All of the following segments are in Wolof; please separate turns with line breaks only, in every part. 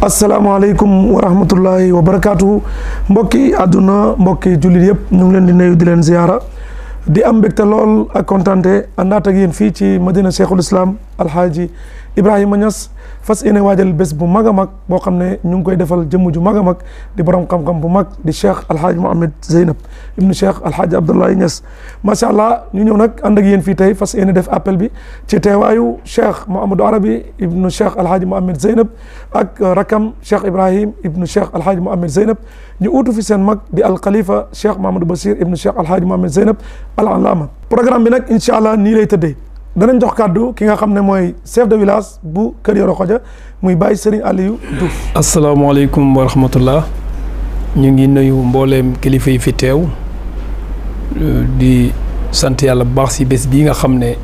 السلام عليكم ورحمة الله وبركاته مبكي أدنى مبكي جولي يب نغلن دي نيو زيارة دي أم بكتلول أكونتانتي دي أنا تغيين فيتي مدينة شيخ الإسلام alxaaji Ibrahima Niass fas yéene waajal bés bu mag a mag boo xam ne ñu ngi koy defal jëmm ju mag a mag di borom xam-xam bu mag di cheikh alxaaji Mohamed Zeynab ibnu cheikh alxaaji Abdoulaye Niass macha allah ñu ñëw nag ànd ak yéen fii tey fas yéene def appel bi ci teewaayu cheikh Mohamadou Arabi ibnu cheikh alxaaji Mohamed Zeynab ak rakam cheikh Ibrahim ibnu cheikh alxaaji Mohamed Zeynab ñu uutu fi seen mag di alxalifa cheikh Mohamadou Basir ibnu cheikh alxaaji Mohamed Zeynab al alama programme bi nag incha allah nii lay tëddee danañ jox kàddu ki nga xam ne mooy chef de village bu Kër Yoro Xoja muy Baye Serigne Aliou Diouf.
asalaamaaleykum wa rahmatullah ñu ngi nuyu mbooleem kilifa yi fi teew di sant yàlla bu baax si bés bii nga xam ne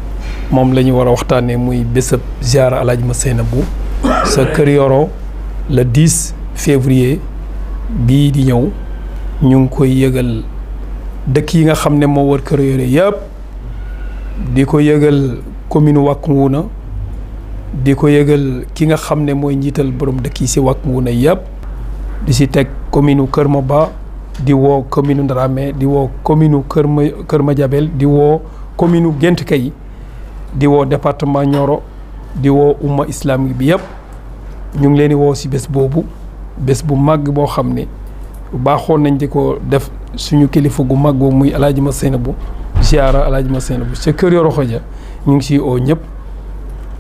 moom la ñu war a waxtaanee muy bésab ziara ma Maseyna bu sa Kër Yoro le 10 février bii di ñëw ñu ngi koy yëgal dëkk yi nga xam ne moo wër Kër Yoro yëpp. di ko yëgal commune Wakunguna di ko yëgal ki nga xam ne mooy njiital borom dëkk yi si Wakunguna yëpp di si teg commune Kër ma ba di woo commune Ndramé di woo commune Kër Ma Kër Madiabel di woo commune gent Kay di woo département Nioro di woo uma islamique bi yëpp ñu ngi leen di woo si bés boobu bés bu màgg boo xam ne baaxoon nañ di ko def suñu kilifa gu màgg boobu muy El Hadj Masseyna bu ziara alaaji ma seen bu ca kër Yoro Khoudia ñu ngi ciy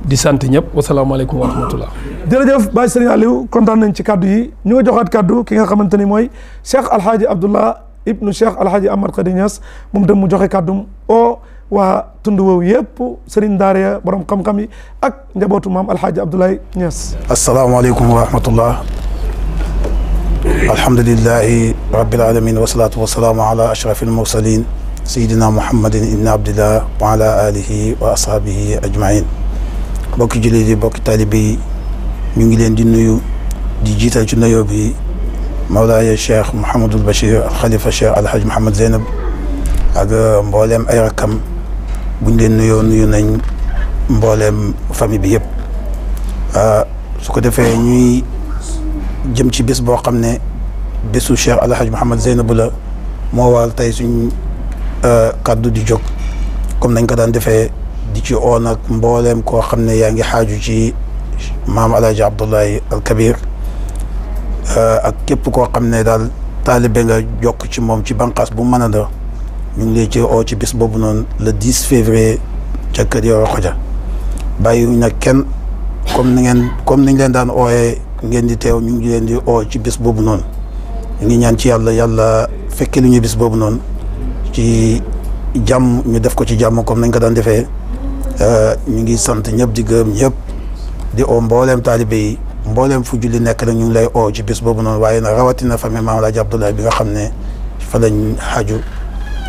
di sant ñëpp wasalaamaaleykum wa rahmatullah
jërëjëf Baye Serigne Aliou kontaan nañ ci kaddu yi ñu nga joxaat kaddu ki nga xamante ni mooy Cheikh Alhaji Abdullah ibnu Cheikh Alhaji Amar Khady Niass moom mu joxe kàddum oo waa tund woowu yëpp Serigne Daara borom xam-xam yi ak njabootu maam Alhaji Abdoulaye Niass.
asalaamaaleykum wa rahmatullah alhamdulilahi rabbil alamin wasalaatu wasalaamu ala ashrafil mursalin sayidina muhammadin ibni abdillah wa ala alihi wa ashaabihi ajmain bokki jullit yi bokki taalibe yi ñu ngi leen di nuyu di jiital ci nuyoo bi mawlaaya cheikh Mouhamadul Bachir alxalifa cheikh alhaj Mouhamad Zeynab ak mbooleem ay rakkam buñ leen nuyoo nuyu nañ mbooleem famille bi yëpp ah, su ko defee ñuy jëm ci bés boo xam ne bésu al alhaj Mouhamad Zeynab la moo waral tey suñ Euh, kaddu di jóg comme nañ ko daan defee di ci oo nag mbooleem koo xam ne yaa ci maam alaaji abdullahi al kabir euh, ak képp koo xam ne daal taalibe nga jokk ci moom ci banqaas bu mën a da ñu ngi lay ci oo ci bis boobu noonu le 10 février ca kër Yoro Xoja bàyyiwuñ nag kenn comme ni ngeen comme niñ leen daan ooyee ngeen di teew ñu ngi leen di oo ci bis boobu noonu ñu ñaan ci yàlla yàlla fekke lu ñu bis boobu noonu ci jàmm ñu def ko ci jàmm kom nañ ko daan defee euh, ñu ngi sant ñëpp di gërëm ñëpp di oo mbooleem taalibe mboolem fu julli nekk nag ñu ngi lay oo ci bis boobu noonu waaye nag rawatina famille Maam Alaaji Abdoulaye bi nga xam ne fa lañ xaju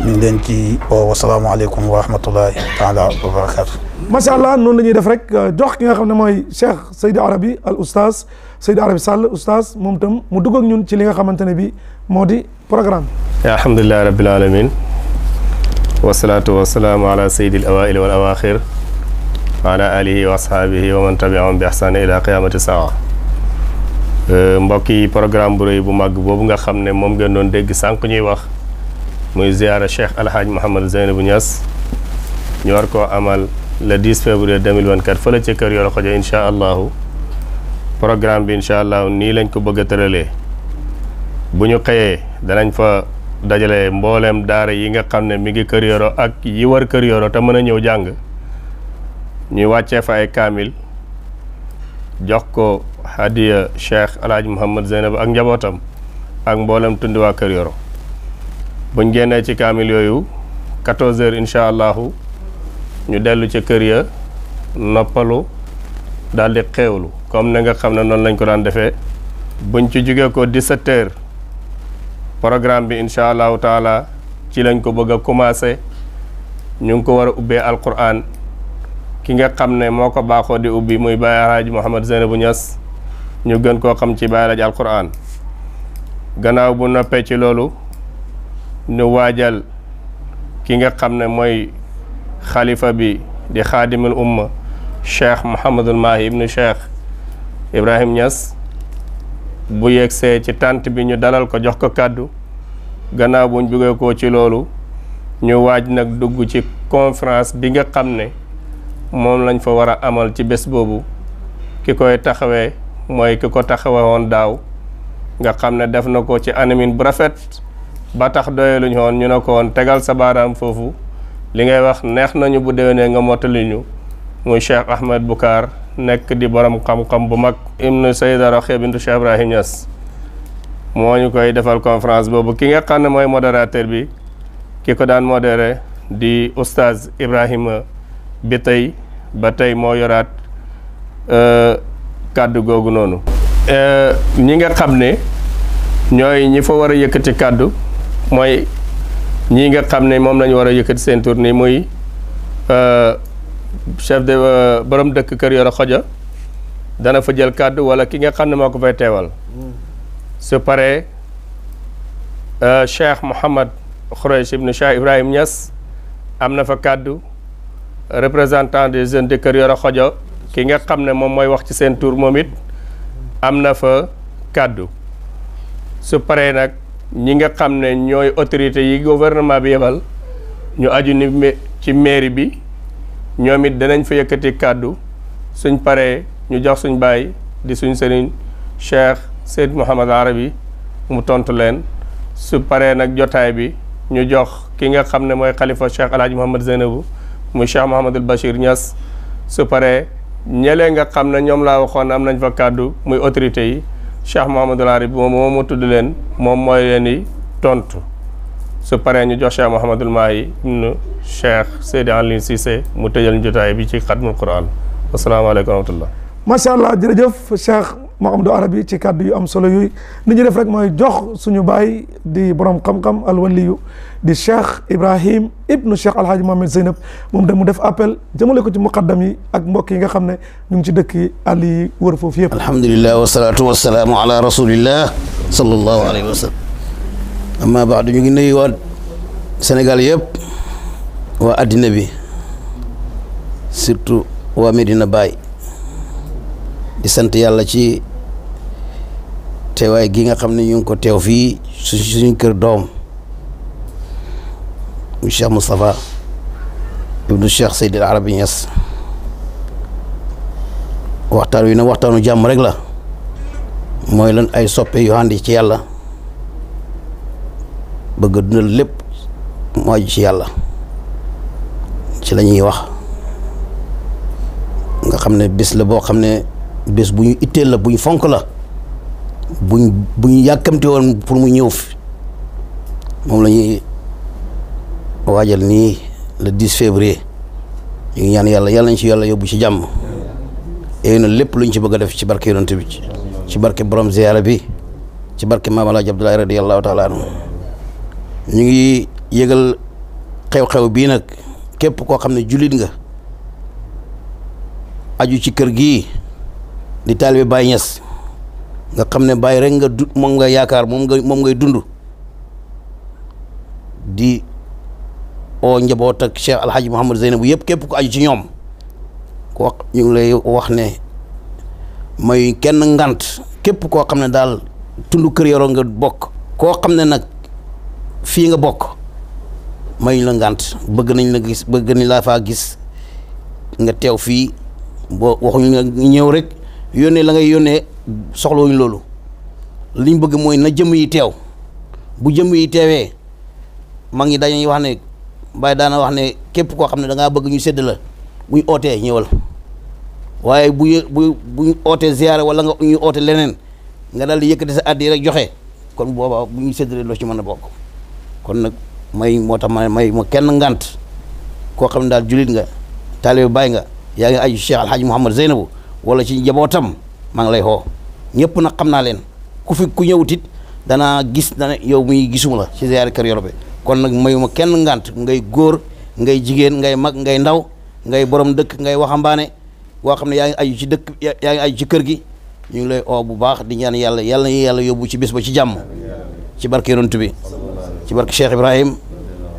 ñu leen ci oo wasalaamaaleykum wa rahmatullahi taala wa barakaatu
allah noonu la ñuy def rek euh, jox ki nga xam ne mooy Cheikh Seydi Arabi al oustaz Sall oustaz moom tam mu dugg ak ñun ci li nga xamante ne bi moo di programme
alhamdulilahi rabbil alamin والصلاة والسلام على سيد الأوائل والأواخر على آله وأصحابه ومن تبعهم بإحسان إلى قيامة الساعة مبكي برنامج بري بمعك بوبنا خمنة ممكن نندق سانكني وح مزيار الشيخ الحاج محمد زين بن ياس نواركو عمل لديس فبراير 2024 فلا تكرر يا رخاء إن شاء الله برنامج إن شاء الله نيلنكو بعترلي بنيو قيء دلنا فا dajale mbooleem daara yi nga xam ne mi ngi Kër Yoro ak yi war Kër Yoro te mën a ñëw jàng ñuy wàccee fa ay kaamil jox ko hadiya Cheikh El Hadj Mouhamad Zeynab ak njabootam ak mboolem tund waa Kër Yoro buñ génnee ci kaamil yooyu 14 heures incha allahu ñu dellu ci kër ya noppalu daal di xeewlu comme ni nga xam ne noonu lañ ko daan defee buñ ci jógee ko 17 heures programme bi incha allahu taala ci lañ ko bëgg a commencé ñu ngi ko war a ubbee alquran ki nga xam ne moo ko baaxoo di ubbi muy Baye Alhaji Mouhamed Zeynabou Niass ñu gën koo xam ci Baye Alhaji alquran gannaaw bu noppee ci loolu ñu waajal ki nga xam ne mooy xalifa bi di xaadimul umma cheikh Mouhamadul Mahi ibnu cheikh Ibrahim ñas bu yegsee ci tànt bi ñu dalal ko jox ko kàddu gannaaw buñ jógee ko ci loolu ñu waaj nag dugg ci conférence bi nga xam ne moom lañ fa war a amal ci bés boobu ki koy taxawee mooy ki ko taxawee woon daaw nga xam ne def na ko ci anamin bu rafet ba tax doyaluñ woon ñu ne ko woon tegal sa baaraam foofu li ngay wax neex nañu bu déwénee nga mottali ñu muy Cheikh Ahmed Boucar nekk di borom xam-xam bu mag ibnu sayda raxiya bintu cheikh ibrahim Niass moo ñu koy defal conférence boobu ki nga xam ne mooy modérateur bi ki ko daan modéré di oustaz ibrahima bi tey ba tey moo yoraat euh, kàddu googu noonu euh, ñi nga xam ne ñooy ñi fa war a yëkkati kàddu mooy ñi nga xam ne moom lañu war a yëkkati seen ni muy euh, chef de euh, borom dëkk kër a Xojo dana fa jël kàddu wala ki nga xam ne moo ko fay teewal su paree euh, Cheikh Mouhamad Khoureychi ibn Cheikh Ibrahim ñas am na fa kàddu représentant des jeunes de kër a Xojo ki nga xam ne moom mooy wax ci seen tour moom it am na fa kàddu su pare nag ñi nga xam ne ñooy autorités yi gouvernement bi yebal ñu aju ni ci mairie bi ñoom it danañ fa yëkkati kàddu suñ paree ñu jox suñ baay di suñ sëriñ Cheikh Seyd Mouhamad Arabi mu tontu leen su paree nag jotaay bi ñu jox ki nga xam ne mooy xalifa Cheikh El Hadj Mouhamad Zeynabu muy Cheikh Mouhamadul Bachir ñas su paree ñelee nga xam ne ñoom laa waxoon am nañ fa kàddu muy autorité yi Cheikh Mouhamadul Arabi moom moo ma tudd leen moom mooy leen tontu su paree ñu jox Cheikh Mouhamadul Mahi cheikh Seydi Aliou Cissé mu tëjal jotaay bi ci xatmul quran asalaamaaleykum wa rahmatullah
macha allah jërëjëf cheikh Mouhamadou Arabi ci kàddu yu am solo yooyu ni ñu def rek mooy jox suñu baay di borom xam-xam alwaliyu di cheikh Ibrahim ibnu cheikh Alhaji Mohamed Zeynab moom da mu def appel jëmale ko ci muqaddam yi ak mbokk yi nga xam ne ñu ngi ci dëkk yi àll yi wër foofu yëpp.
alhamdulilah wasalaatu wasalaamu ala rasulillah sallallahu alayhi wa sallam. amma baadu ñu ngi nuyuwaat Sénégal yëpp. wa adina bi surtout wa Medina bay di sant yalla ci teway gi nga xam ñu ko tew fi suñu kër dom mu Cheikh mustafa ibnu Cheikh al arab Niass waxtaan wi na waxtanu jam rek la moy lan ay soppe yu handi ci yalla bëgg dundal ci yalla ci la ñuy wax nga xam ne bés la boo xam ne bés bu ñu itteel la bu fonk la buñ bu ñu yàkkamte woon pour mu ñëw moom la ñuy waajal nii le 10 février ñu ñaan yàlla yàlla nañ ci yàlla yóbbu ci jàmm yooyu na lépp luñ ci bëgg a def ci barke yonent bi ci barke borom ziyaara bi ci barke maam Alaaji Abdoulaye radiyallahu taala anhu ñu ngi yëgal xew-xew bii nag képp ko xam ne nga aju ci kër gi di taalibe Baay Ñas nga xam ne rek nga du nga yaakaar mom nga mom ngay dundu di o njabot ak Cheikh alhaj mohammed Zainab. yëpp képp ko aju ci ñom ko ñu lay wax ne may kenn ngant képp ko xam ne tundu tund kër nga bok ko xam ne nag nga bok mayuñ la ngant bëgg nañ la gis bëgg nañ laa faa gis nga teew fii boo waxuñ nga ñëw rek yónnee la ngay yónnee soxlawuñ loolu liñ bëgg mooy na jëmm yi teew bu jëmm yi teewee mag ñi dañuy wax ne Baye daana wax ne képp koo xam ne da bëgg ñu sédd la buñ ootee ñëwal waaye bu bu buñ ootee ziyaare wala nga ñu oote leneen nga daal di yëkkati sa àddi rek joxe kon boobaa bu ñu séddalee loo ci mën a bokk kon nag. may moo tax ma may ma kenn ngant koo xam ne daal julit nga taalibe baay nga yaa ngi aju Cheikh Alhaji Mouhamad Zeynabu wala ci njabootam maa ngi lay xoo ñëpp nag xam naa leen ku fi ku ñëwutit dana gis dana yow muy gisuma la ci ziyaar Kër Yoro bi kon nag mayuma kenn ngant ngay góor ngay jigéen ngay mag ngay ndaw ngay borom dëkk ngay waxambaane boo xam ne yaa ngi aju ci dëkk kër gi ñu ngi lay oo bu baax di ñaan yàlla yàlla yàlla yóbbu ci bis ba ci jàmm ci barke yonent bi ci barke Cheikh Ibrahim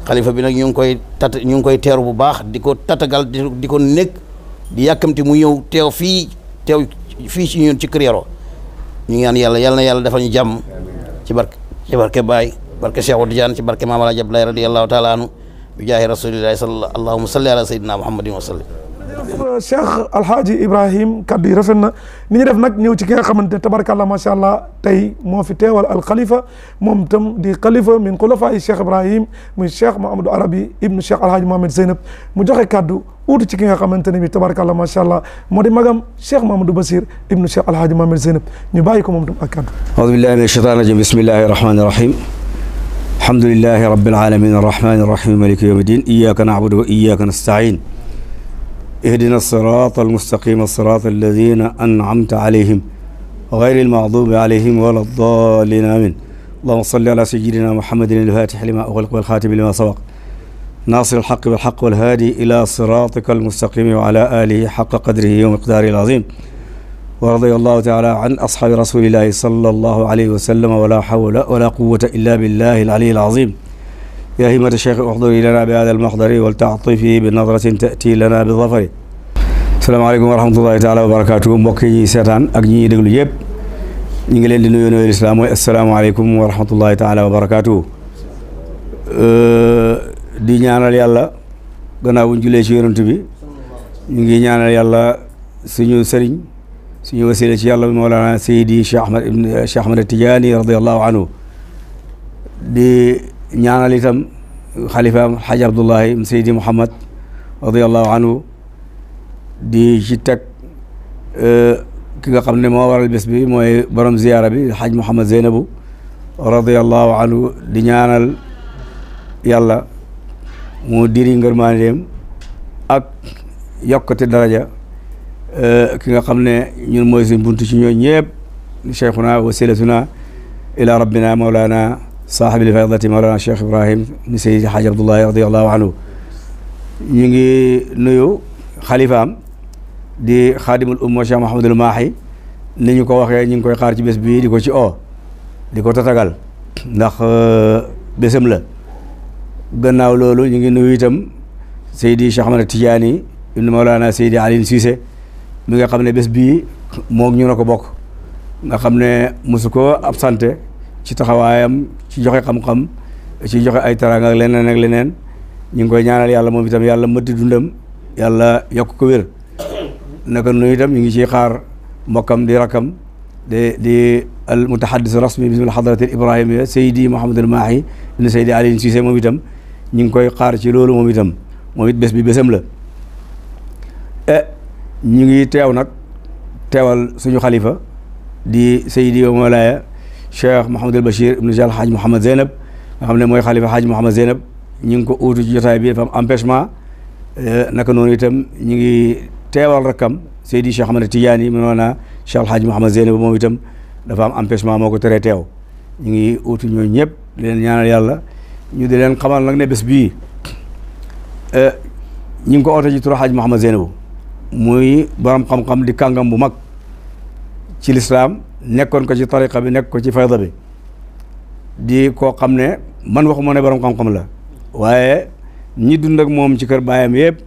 xalifa bi nag ñu ngi koy tat ñu ngi koy teeru bu baax di ko tatagal di ko nekk di yàkkamti mu ñëw teew fii teew fii ci ñun ci Kër Yoro ñu ngi ñaan yàlla yàlla na yàlla dafa ñu jàmm ci barke ci barke Baye barke Cheikh Tidiane ci barke Maam Alaaji Abdoulaye radiyallahu taala anhu bi jaahi rasulillahi sal allahuma salli ala sayyidina muhammadin wa sallim
شيخ الحاج ابراهيم كدي رفنا ني نك نيو سي تبارك الله ما شاء الله تاي مو في تيوال دي خليفه من خلفاء الشيخ ابراهيم من الشيخ محمد عربي ابن الشيخ الحاج محمد زينب مو جوخي كادو اوت سي كيغا تبارك الله ما شاء الله مودي ماغام الشيخ محمد بصير ابن الشيخ الحاج محمد زينب ني بايكو موم تم اكادو
بالله من الشيطان الرجيم بسم الله الرحمن الرحيم الحمد لله رب العالمين الرحمن الرحيم مالك يوم الدين اياك نعبد واياك نستعين اهدنا الصراط المستقيم الصراط الذين أنعمت عليهم غير المغضوب عليهم ولا الضالين آمين اللهم صل على سيدنا محمد الفاتح لما أغلق والخاتم لما سبق ناصر الحق بالحق والهادي إلى صراطك المستقيم وعلى آله حق قدره ومقداره العظيم ورضي الله تعالى عن أصحاب رسول الله صلى الله عليه وسلم ولا حول ولا قوة إلا بالله العلي العظيم yaa himmat cheikh uxduri lana bi hada almaxdari waltaatifi bi nadratin tati lana bi zafari salaamaaleykum wa rahmatullahi taala wa barakaatu mbokk yi ñuy ak ñi ñuy déglu yëpp ñu ngi leen di nuyu nuyu lislaam mooy asalaamaaleykum taala wa barakaatu di ñaanal yàlla gannaaw buñ julee ci yonent bi ñu ngi ñaanal yàlla suñu sëriñ suñu wasila ci yàlla moolaana sayidi cheikh ahmad ibn cheikh ahmad tijaani radiallahu anhu ñaanal itam xalifaam xaj abdullahi seydi muhammad radiallahu anhu di ci teg e, ki nga xam ne moo waral bés bi mooy borom ziyaara bi xaj muhammad zeynabu radiallahu anhu di ñaanal yàlla mu diri ngërmaandeem ak yokkate daraja e, ki nga xam ne ñun mooy suñ bunt ci ñooñ ñëpp cheikhuna wasilatuna ila rabbina maulana saaxibil faydati mawlana cheikh ibrahim ni seydi xaaj abdullahi radiallahu anhu ñu ngi nuyu xalifaam di xaadimul umma cheikh mahamadul maahi ni ñu ko waxee ñu ngi koy xaar ci bés bii di ko ci oo di ko tatagal ndax euh, bésam la gannaaw loolu ñu ngi nuyu itam seydi cheikh ahmad tijaani ibnu mawlana seydi alin siise mi nga xam ne bés bii moog ñu ko bokk nga xam ne mosu ko absenté ci taxawaayam ci joxe xam-xam ci joxe ay teraanga ak leneen leneen ñu ngi koy ñaanal yàlla moom itam yàlla mëtti dundam yàlla yokk ko wér naka nuyu itam ñu ngi ciy xaar mbokkam di rakam di di al mutahaddis rasmi bismil hadratil ibrahimiya Seydi Mouhamadul Mahi ibn Seydi Aliou Cissé moom itam ñu ngi koy xaar ci loolu moom itam moom it bi bésam la e, ñu ngi teew nag teewal suñu xalifa di Seydi wa Mawlaaya cheikh Mouhamadul Bachir ibnu Cheikh Hadj Mouhamad Zeynab nga xam ne mooy xalifa Hadj Mouhamad Zeynab ñu ngi ko uutu ci jotaay bi dafa am empêchement eh, naka noonu itam ñu ngi teewal rakkam Seydi Cheikh Ahmad Tidiane mu noona Cheikh Hadj Mouhamad Zeynab moom itam dafa am empêchement moo ko teree teew ñu ngi uutu ñooñu ñëpp leen ñaanal yàlla ñu di leen xamal nag ne bés bii eh, ñu ngi ko oote ci turu Hadj Mouhamad Zeynab muy borom xam-xam di kàngam bu mag ci lislaam nekkoon ko ci tariqa bi nekk ko ci fayda bi di koo xam ne man waxuma ne borom xam-xam la waaye ñi dund ak moom ci kër baayam yëpp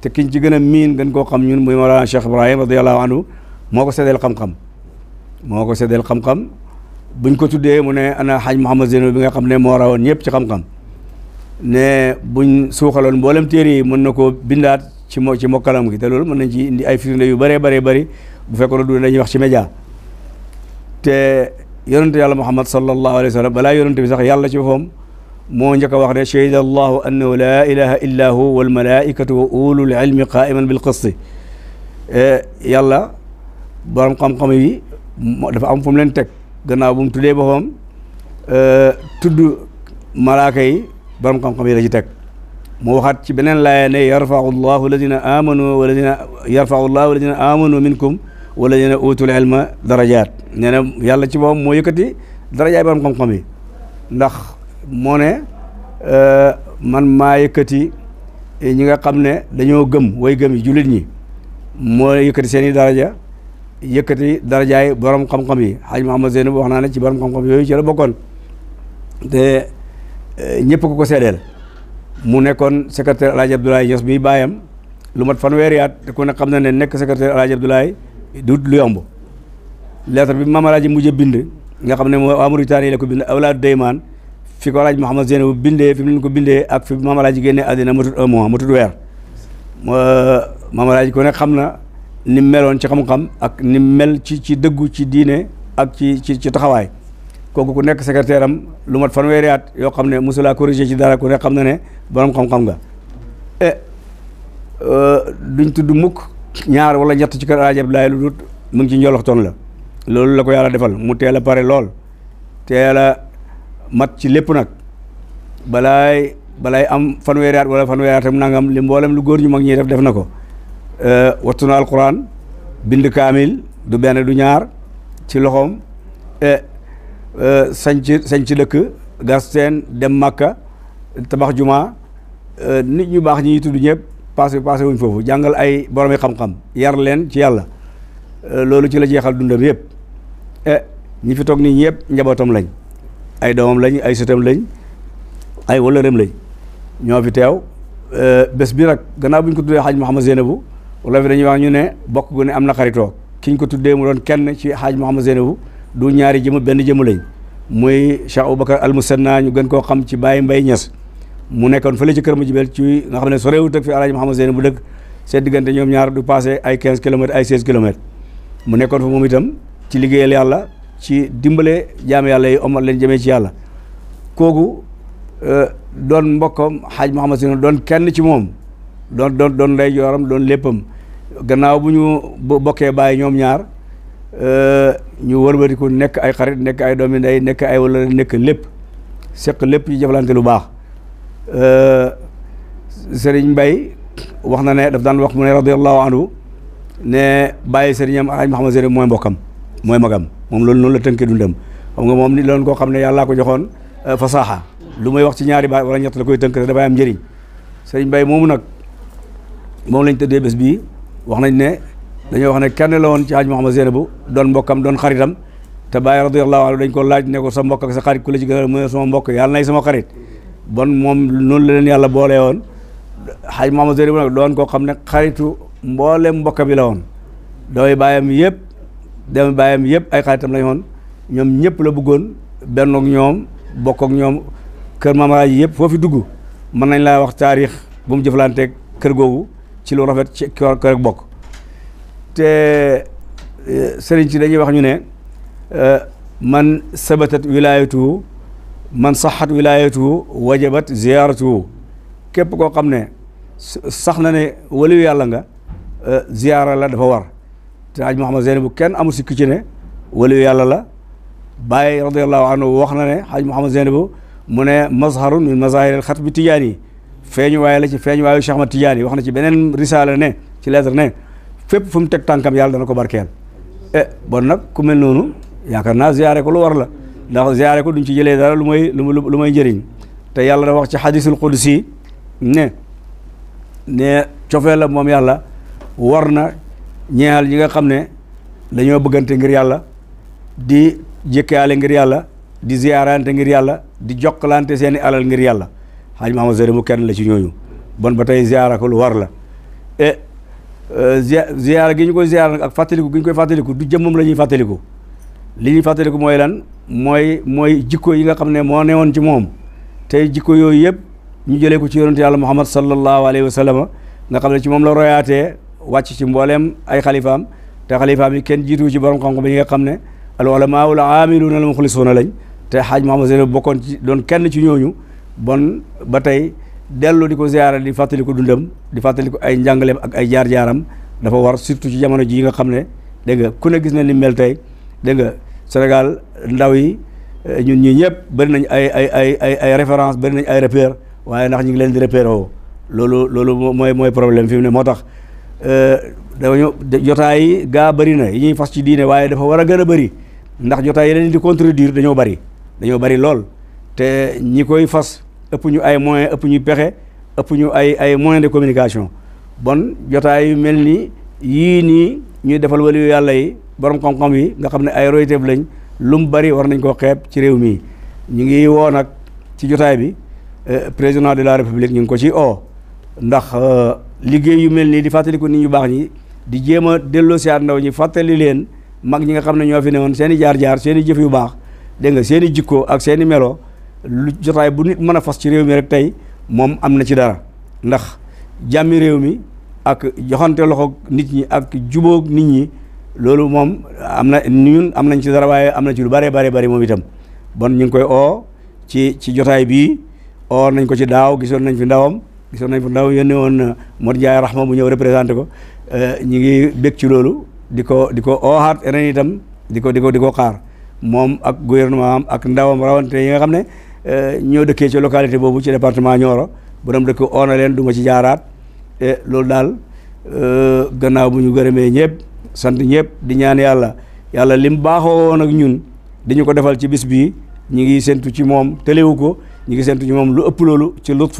te kiñ ci gën a miin gën koo xam ñun muy Mawlana Cheikh Ibrahim radiyallahu anhu moo ko seddeel xam-xam moo ko seddeel xam-xam buñ ko tuddee mu ne ana xaaj Mouhamad Zeynab bi nga xam ne moo rawoon ñëpp ci xam-xam ne buñ suuxaloon mboolem téere yi mën na koo bindaat ci mo ci mokkalam gi te loolu mën nañ ci indi ay firnde yu bëree bëree bëri bu fekkoon ne du dañuy wax ci média يونت يالله محمد صلى الله عليه وسلم بلا يونت بسخ يالله شوفهم مونجك وقت شهد الله أنه لا إله إلا هو والملائكة وأولو العلم قائما بالقصة يالله برم قام قمي دفع أم فم لنتك قنا أبوم تدي بهم تد ملاكي برم قام قمي رجتك موحد بنن لا يرفع الله الذين آمنوا والذين يرفع الله الذين آمنوا منكم wala yéen a utul ilma darajaat nee na yàlla ci moom moo yëkkati darajaay borom xam-xam yi ndax moone euh, man maa yëkkati eh, ñi nga xam ne dañoo gëm way gëm julit jullit ñi moo yëkkati seen i daraja yëkkati darajaay borom xam-xam yi xaj Mahamad Zeynab wax naa ne ci borom xam-xam yooyu ci la te eh, ñëpp ko ko seedeel mu nekkoon secrétaire El Hadj Abdoulaye Niass bi bàyyam lu mat fanweeri at te ku ne xam na ne nekk secrétaire El Hadj du lu yomb lettre bi mamalaaji mujj a bind nga xam ne moo waa Mauritanie la ko bind awlaad daymaan fi ko alaaj Mouhamed Zeynab bindee fi mu leen ko bindee ak fi mamalaaji génnee àddina matut mois matut weer mamalaaji ko ne xam na ni meloon ci xam-xam ak ni mel ci ci dëggu ci diine ak ci ci ci taxawaay kooku ku nekk secrétaire am lu mat fanweeri at yoo xam ne mosulaa corrigé ci dara ku ne xam na ne borom xam-xam nga e duñ tudd mukk ñaar wala ñett ci kër El Hadj lu dut mu ngi ci njoloxtoon la loolu la ko yàlla defal mu teel a pare lool teel a mat ci lépp nag balaay balaay am fanweeri at wala fanweeri atam nangam li mboolem lu góor ñu mag ñi def def na ko euh, wattu na alquran bind kaamil du benn du ñaar ci loxoom sañ e, ci e, sañ ci dëkk gasteen dem makka tabax juma e, nit ñu baax ñi tudd ñëpp passé passe wuñ foofu jàngal ay boromi xam-xam yar leen ci yàlla euh, loolu ci la jeexal dundam yëpp e eh, ñi fi toog nii ñëpp njabootam lañ ay doomam lañ ay sëtam lañ ay wëllëreem lañ ñoo fi teew euh, bés bi nag gannaaw bu ñu ko tuddee xaaj Mouhamed Zeynabou wala fi dañuy wax ñu ne bokk gu ne am na xaritoo ki ñu ko tuddee mu doon kenn ci xaaj Mouhamed Zeynabou du ñaari jëmu benn jëmu lañ muy Cheikh Aboubacar Al Musanna ñu gën koo xam ci Baye Mbaye Niass mu nekkoon fële ci kër ma jibel ci nga xam ne sorewut ak fi alaaji Mouhamed Seyni bu dëkk seen diggante ñoom ñaar du passé ay 15 kilomètres ay 16 kilomètres mu nekkoon fa moom itam ci liggéeyal yàlla ci dimbale jaam yàlla yi omat leen jëmee ci yàlla kooku euh, doon mbokkam xaaj Mouhamed Seyni doon kenn ci moom doon doon doon ndey jooram doon léppam gannaaw bu ñu bokkee bàyyi ñoom ñaar euh, ñu wërbatiku nekk ay xarit nekk ay doomi ndey nekk ay wala nekk lépp seq lépp ñu jëflante lu baax Euh, Serigne Mbaye wax na ne daf daan wax mu ne radiyallahu anhu ne bàyyi sëriñam alaaj Mahamad Sëriñ mooy mbokkam mooy magam moom loolu noonu la tënkee dundam xam nga moom ni loolu koo xam ne yàllaa ko joxoon euh, fasaaxa lu muy wax ñaari baat wala ñett la koy tënk te dafay am njariñ Sëriñ Mbaye moomu nag moom lañ tëddee bés bii wax nañ ne dañoo wax ne kenn la woon ci alaaj Mahamad Sëriñ bu doon mbokkam doon xaritam te bàyyi radiyallahu anhu dañ ko laaj ne ko sa mbokk ak sa xarit ku la ci sama mbokk yàlla nay sama xarit bon moom noonu la leen yàlla boole woon xaj Mamadou doon koo xam ne xaritu mboolem mbokk bi la woon dooy bàyyam yëpp dem baayam yëpp ay xaritam lañ woon ñoom ñëpp la buggoon bennook ñoom bokk ñoom kër maamaraay yi yëpp foofu dugg mën nañ laa wax taarix bu mu jëflanteeg kër googu ci lu rafet ci kër kër bokk te eh, sëriñ ci dañuy wax ñu ne eh, man sabatat wilaayatu man saxat wilaayatuhu wajabat ziyaaratuhu képp koo xam ne sax na ne waliyu yàlla nga euh, ziyaara la dafa war te aj Muhammad Zeynab bu kenn amul sikki ci ne waliyu yàlla la Baay radiyallahu anhu wax na ne aj Muhammad Zeynab bu mu ne mazharun min mazahiril xat bi tijaani yi feeñu waaye la ci feeñu waayu Cheikh Ahmad Tijaani yi wax na ci beneen risala ne ci lettre ne fépp fu mu teg tànkam yàlla dana ko barkeel eh bon nag ku mel noonu yaakaar naa ziyaare ko lu war la ndax ziyaare ko duñ ci jëlee dara lu may lu may njëriñ te yàlla da wax ci xadisul qudsi ne ne cofee la moom yàlla war na ñeexal ñi nga xam ne dañoo bëggante ngir yàlla di jëkkaale ngir yàlla di ziyaarante ngir yàlla di jokkalante seeni alal ngir yàlla xaaj Mahamad Zari mu kenn la ci ñooñu bon ba tey ziyaara ko lu war la e, e ziyaara gi ñu koy ziyaara ak fàttaliku gi ñu koy fàttaliku du jëmmam la ñuy fàttaliku li ñuy fàttaliku mooy lan mooy mooy jikko yi nga xam ne moo newoon ci moom tey jikko yooyu yëpp ñu jëlee ko ci yonent yàlla muhammad sallallahu alayhi wa sallam nga xam ne ci moom la royaatee wàcc ci mbooleem ay xalifaam te xalifaam yi kenn jiitu ci borom xam ba yi nga xam ne al ulamaul aamiluuna al muxlisuuna lañ te xaaj Muhammad Zeynab bokkoon ci doon kenn ci ñooñu bon ba tey dellu di ko ziyaara di fàttaliku dundam di ko ay njàngaleem ak ay jaar-jaaram dafa war surtout ci jamono ji nga xam ne dégg ku ne gis na ni mel tey dégg nga Sénégal ndaw yi eh, ñun ñii ñëpp bëri nañ ay ay ay ay ay référence bëri nañ ay repère waaye ndax ñu ngi leen di repère woo loolu loolu mooy mooy problème fi ne moo tax eh, dañoo jotaay yi gaa bari na yi ñuy fas ci diine waaye dafa war a gën a bëri ndax jotaay yi leen di contribuer dañoo bari dañoo bëri lool te ñi koy fas ëpp ñu ay moyens ëpp ñu pexe ëpp ñu ay ay moyens de communication bon jotaay mel ni yii nii ñuy defal waliyu yàlla yi borom xam-xam yi nga xam ne ay royteef lañ lu mu bari war nañ koo xeeb ci réew mi ñu ngi woo nag ci jotaay bi euh, président de la république ñu ngi ko ci o ndax euh, liggéey yu mel nii di fàttaliku nit ñu baax ñi di jéem a delloo si ndaw ñi fàttali leen mag ñi nga xam ne ñoo fi newoon seen i jaar-jaar seeni i jëf yu baax dégg nga seen i jikko ak seen i melo lu jotaay bu nit mën a fas ci réew mi rek tey moom am na ci dara ndax jàmmi réew mi ak joxante loxo nit ñi ak jubook nit ñi loolu moom am na ñun am nañ ci dara waaye am na ci lu bare bare bari moom itam bon ñu ngi koy oo ci ci jotaay bii oo nañ ko ci daaw gisoon nañ fi ndawam gisoon nañ fi ndaw yónni woon na euh, Modou jaay Rahma bu ñëw représenté ko euh, ñu ngi bég ci loolu di ko di ko ooxaat ren itam di ko di ko di ko xaar moom ak gouvernement am ak ndawam rawante yi nga xam ne euh, ñoo dëkkee ci localité boobu ci département Nioro borom dëkk oo na leen du ma ci jaaraat te loolu daal e, gannaaw bu ñu gërëmee ñëpp sant ñëpp di ñaan yàlla yàlla lim baaxoo woon ak ñun dañu ko defal ci bis bii ñi ngi sentu ci moom téléwu ko ñi ngi sentu ci moom lu ëpp loolu ci lutf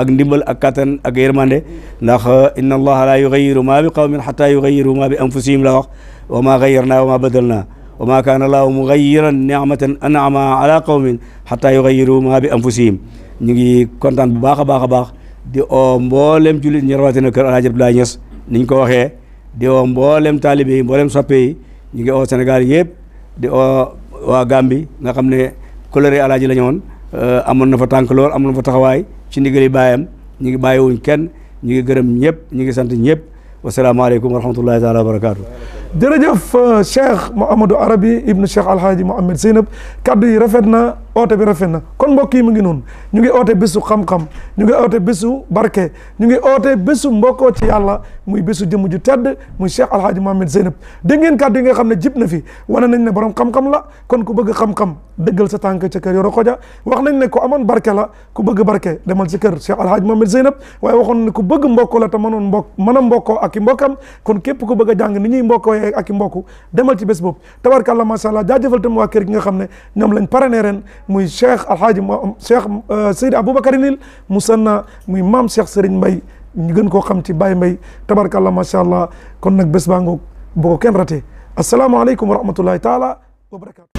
ak ndimbal ak kattan ak mande ndax inna allaha la yugayiru maa bi qawmin xata yugayiru maa bi anfusihim la wax wa maa wa maa badal naa wa maa kaana allaahu mugayiran nicmatan anama ala qawmin xata yugayiru maa bi anfusihim ñu bu baax a baax di oo mboolem jullit ñi rawatina kër Alaaji Abdoulaye Niass niñ ko waxee di oo mboolem taalibe yi mboolem soppe ñu ngi oo Sénégal yëpp di oo waa Gàmbi nga xam ne coloré Alaaji la ñu woon euh, amoon na fa tànk lool amoon na taxawaay ci ndigali baayam ñu ngi bàyyiwuñ kenn ñu ngi gërëm ñëpp ñu ngi sant ñëpp wasalaamaaleykum wa rahmatullahi taala wa barakaatu.
jërëjëf euh, Cheikh Arabi ibnu Cheikh Alhaji Mouhamed Zeynab kaddu yi rafet na. oote bi rafet na kon mbokk yi mu ngi noonu ñu ngi oote bésu xam-xam ñu ngi oote bésu barke ñu ngi oote bésu mbokkoo ci yàlla muy bésu jëmm ju tedd muy Cheikh Alhaji Mohamed Zeynab dégg ngeen kàddu yi xam ne jib na fi wane nañ ne borom xam-xam la kon ku bëgg xam-xam dëggal sa tànk ca kër Yoro Xoja wax nañ ne ku amoon barke la ku bëgg barke demal ci kër Cheikh Alhaji Mohamed Zeynab waaye waxoon ne ku bëgg mbokk la te mënoon mbokk mën a mbokkoo ak i mbokkam kon képp ku bëgg a jàng ni ñuy mbokkoo ak i mbokku demal ci bés boobu tabarkàllah macha allah jaajëfal tam waa kër gi nga xam ne ñoom lañ parrainé ren muy cheikh alhaaji m cheikh euh, Seydi Aboubacar Nil Musanna muy maam cheikh Serigne mbay ñu gën koo xam ci Baye Mbaye tabarkallah macha allah kon nag bés baa ngoog bu ko kenn ratee asalaamaaleykum wa taala wa